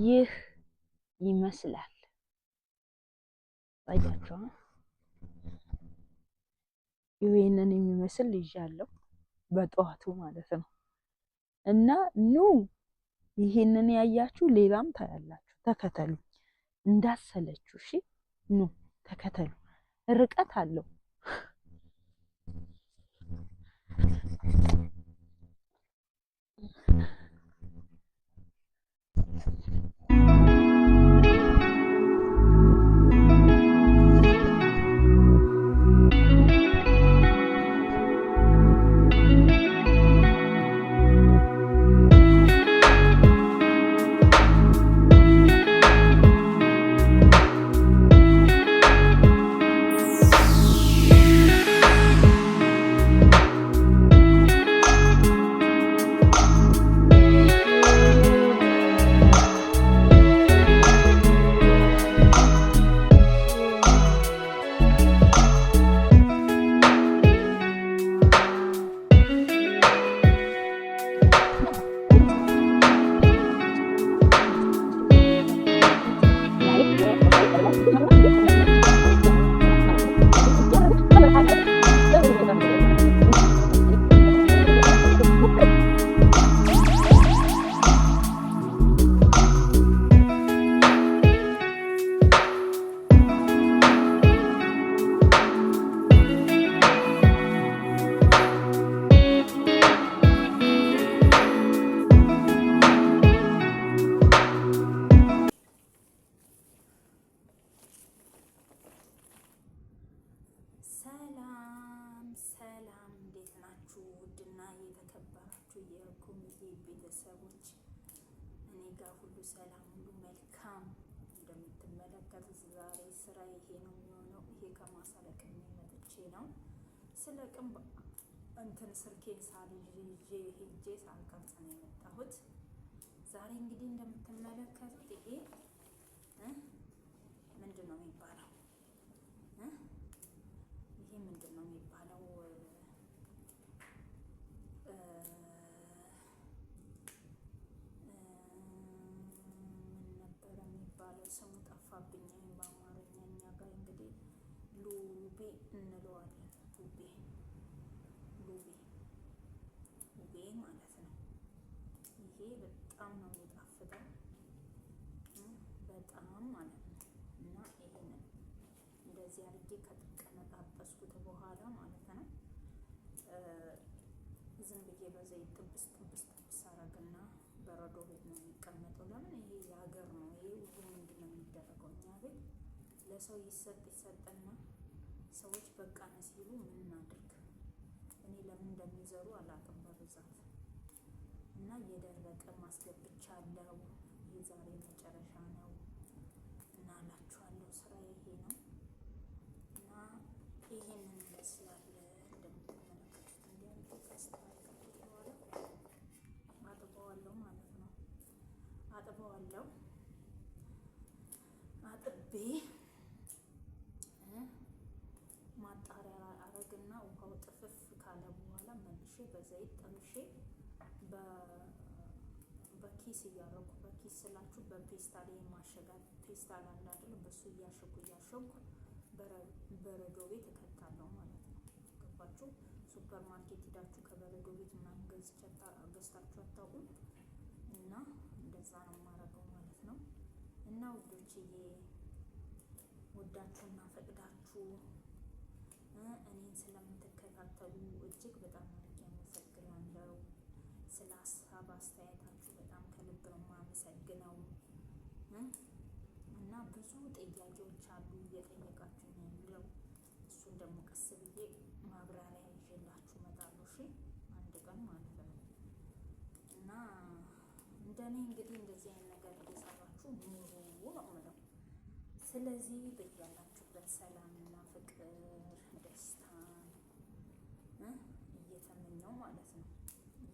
ይህ ይመስላል። አያችኋ? ይህንን የሚመስል ይዣለሁ በጠዋቱ ማለት ነው። እና ኑ ይህንን ያያችሁ ሌላም ታያላችሁ። ተከተሉ፣ እንዳሰለችው እሺ ኑ ተከተሉ። ርቀት አለው ቤተሰቦች እኔ ጋር ሁሉ ሰላም፣ ሁሉ መልካም። እንደምትመለከቱት ዛሬ ስራ ይሄ ነው የሚሆነው። ይሄ ነው ስለ ቅም እንትን ስልኬን ሳልይዤ ሄጄ ሳልቀርጽ ነው የመጣሁት። ዛሬ እንግዲህ እንደምትመለከቱት ይሄ ምንድን ነው የሚባለው? ይሄ ምንድን ነው የሚባለው? ስሙ ጠፋብኝ። ይህም በአማርኛ እኛ ጋር እንግዲህ ሉቤ እንለዋለን። ሉቤ ሉቤ ሉቤ ማለት ነው። ይሄ በጣም ነው የሚጣፍጠው፣ በጣም ማለት ነው። እና ይሄንን እንደዚህ አድርጌ ከቀነጣጠስኩት በኋላ ማለት ነው ዝም ብዬ በዘይት ጥብስ ጥብስ ጥብስ አረግና በረዶ ቤት ነው የሚቀመጠው። ለምን ይሄ የሀገር ነው እግዚአብሔር ለሰው ይሰጥ ይሰጠና ሰዎች በቃነ ሲሉ ምን እናድርግ? እኔ ለምን እንደሚዘሩ አላቅም በብዛት እና የደረቀ ማስገብቻለሁ። የዛሬ መጨረሻ ነው እና እላችኋለሁ። ስራ ይሄ ነው እና ይሄንን ይመስላል። ውሃው ጥፍፍ ካለ በኋላ መልሼ በዘይት ጠምሼ በኪስ እያረጉ በኪስ ስላችሁ ላይ የማሸጋል ፔስታል ላይ አይደል? በሱ እያሸጉ እያሸጉ በረዶ ቤት እከታለሁ ማለት ነው። ገባችሁ? ሱፐር ማርኬት ሂዳችሁ ከበረዶ ቤት ምናምን ገዝታችሁ አታውቁም። እና እንደዛ ነው የማረገው ማለት ነው። እና ውዶችዬ ወዳችሁና ፈቅዳችሁ እኔን ስለምትከታተሉ እጅግ በጣም አድርጌ አመሰግናለሁ። ስለ ሀሳብ አስተያየታችሁ በጣም ከልብ ነው የማመሰግነው። እና ብዙ ጥያቄዎች አሉ እየጠየቃችሁ ነው የሚለው እሱን ደግሞ ቀስ ብዬ ማብራሪያ ይዤላችሁ እመጣለሁ። እሺ አንድ ቀን ማለት ነው። እና እንደኔ እንግዲህ እንደዚህ አይነት ነገር እየሰራችሁ ኑሩ ነው የምለው። ስለዚህ በያላችሁበት ሰላምና ፍቅር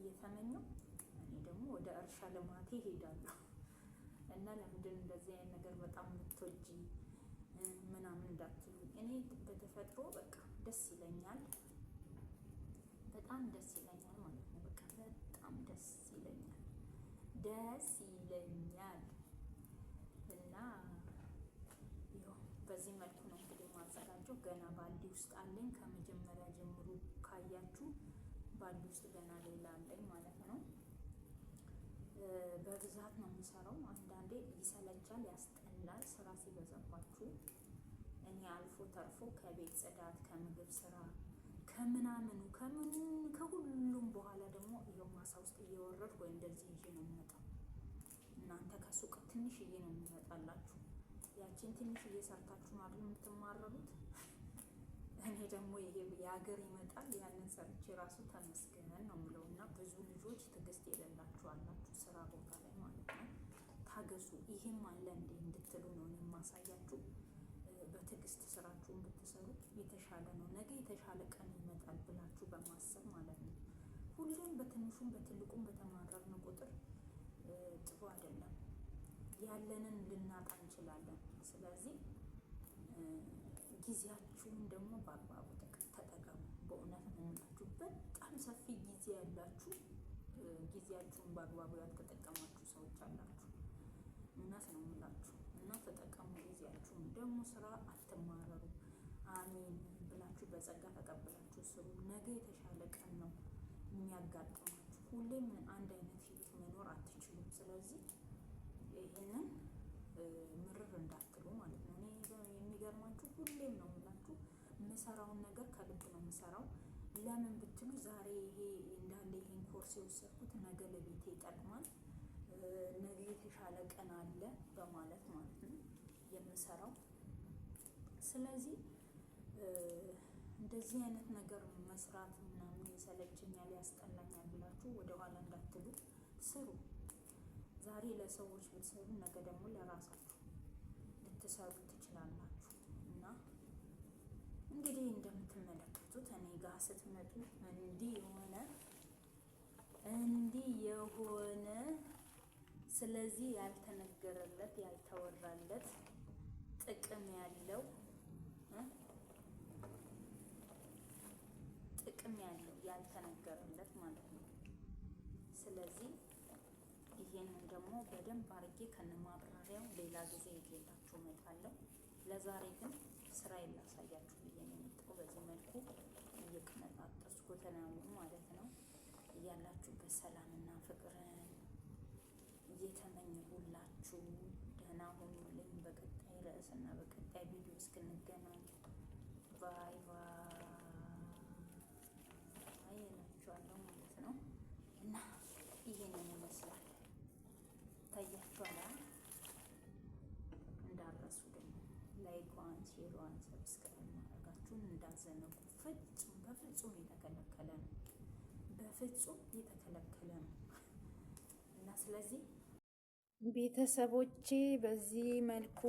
እየተመኙ እኔ ደግሞ ወደ እርሻ ልማቴ እሄዳለሁ እና ለምንድን እንደዚህ አይነት ነገር በጣም የምትወጂ ምናምን እንዳትሉ እኔ በተፈጥሮ በቃ ደስ ይለኛል፣ በጣም ደስ ይለኛል ማለት ነው። በቃ በጣም ደስ ይለኛል፣ ደስ ይለኛል። እና ይኸው በዚህ መልኩ ነው እንግዲህ ማዘጋጀው። ገና ባልዲ ውስጥ አለኝ ከመጀመሪያ ጀምሮ ካያችሁ ባሉ ውስጥ ገና ሌላ አለኝ ማለት ነው። በብዛት ነው የምሰራው። አንዳንዴ ይሰለቻል፣ ያስጠላል ስራ ሲበዛባችሁ። እኔ አልፎ ተርፎ ከቤት ጽዳት፣ ከምግብ ስራ፣ ከምናምኑ ከምኑ ከሁሉም በኋላ ደግሞ ይኸው ማሳ ውስጥ እየወረድኩ ወይ እንደዚህ ይዤ ነው የሚመጣው። እናንተ ከሱቅ ትንሽዬ ነው የሚመጣላችሁ። ያችን ትንሽዬ ሰርታችሁ ነው አይደል የምትማረሩት? እኔ ደግሞ የሀገር ይመጣል ያንን ሰርቼ ራሱ ተመስገነን ነው የምለው። እና ብዙ ልጆች ትዕግስት የሌላችሁ አላችሁ ስራ ቦታ ላይ ማለት ነው። ታገሱ። ይህም አለ እንዴ እንድትሉ ነው የማሳያችሁ። በትዕግስት ስራችሁ እንድትሰሩ የተሻለ ነው። ነገ የተሻለ ቀን ይመጣል ብላችሁ በማሰብ ማለት ነው። ሁሉም በትንሹም በትልቁም በተማረርን ቁጥር ጥሩ አይደለም። ያለንን ልናጣ እንችላለን። ስለዚህ ጊዜያችሁን ደግሞ በአግባቡ ተጠቀሙ። በእውነት መሆናችሁ በጣም ሰፊ ጊዜ ያላችሁ ጊዜያችሁን በአግባቡ ያልተጠቀማችሁ ሰዎች አላችሁ። እውነት ነው የምላችሁ እና ተጠቀሙ ጊዜያችሁን። ደግሞ ስራ አትማረሩ። አሜን ብላችሁ በጸጋ ተቀብላችሁ ስሩ። ነገ የተሻለ ቀን ነው የሚያጋጥማችሁ። ሁሌም አንድ አይነት ህይወት መኖር አትችሉም። ስለዚህ ይህንን ምርር እንዳትሉ ማለት ነው። እኔ የሚገርማችሁ ሁሌም ነው የምላችሁ የምሰራውን ነገር ከልብ ነው የምሰራው። ለምን ብትሉ ዛሬ ይሄ እንዳለ ይሄን ኮርስ የወሰድኩት ነገ ለቤቴ ይጠቅማል፣ ነገ የተሻለ ቀን አለ በማለት ማለት ነው የምሰራው። ስለዚህ እንደዚህ አይነት ነገር መስራት ምናምን ይሰለችኛል፣ ያስጠላኛል ብላችሁ ወደኋላ እንዳትሉ ስሩ። ዛሬ ለሰዎች ብትሰሩ ነገ ደግሞ ለራሳችሁ ልትሰሩ እንግዲህ እንደምትመለከቱት እኔ ጋር ስትመጡ እንዲህ የሆነ እንዲህ የሆነ ስለዚህ ያልተነገረለት ያልተወራለት ጥቅም ያለው ጥቅም ያለው ያልተነገረለት ማለት ነው። ስለዚህ ይሄንን ደግሞ በደንብ አድርጌ ከነማብራሪያው ሌላ ጊዜ ይዤላችሁ እመጣለሁ። ለዛሬ ግን ስራ የላሳያችሁ ብዬ ነው የመጣው። በዚህ መልኩ እየቀነጣጠሱ ጎተናሙ ማለት ነው። እያላችሁበት ሰላምና ፍቅርን እየተመኘሁላችሁ ደህና ሆኑልኝ። በቀጣይ ርዕስና በቀጣይ ቪዲዮ እስክንገናኝ ባይ ባይ። ሼሯን ሰብስክራይብ ማድረጋችሁን እንዳዘነጉ። ፍጹም በፍጹም የተከለከለ ነው፣ በፍጹም የተከለከለ ነው እና ስለዚህ ቤተሰቦቼ በዚህ መልኩ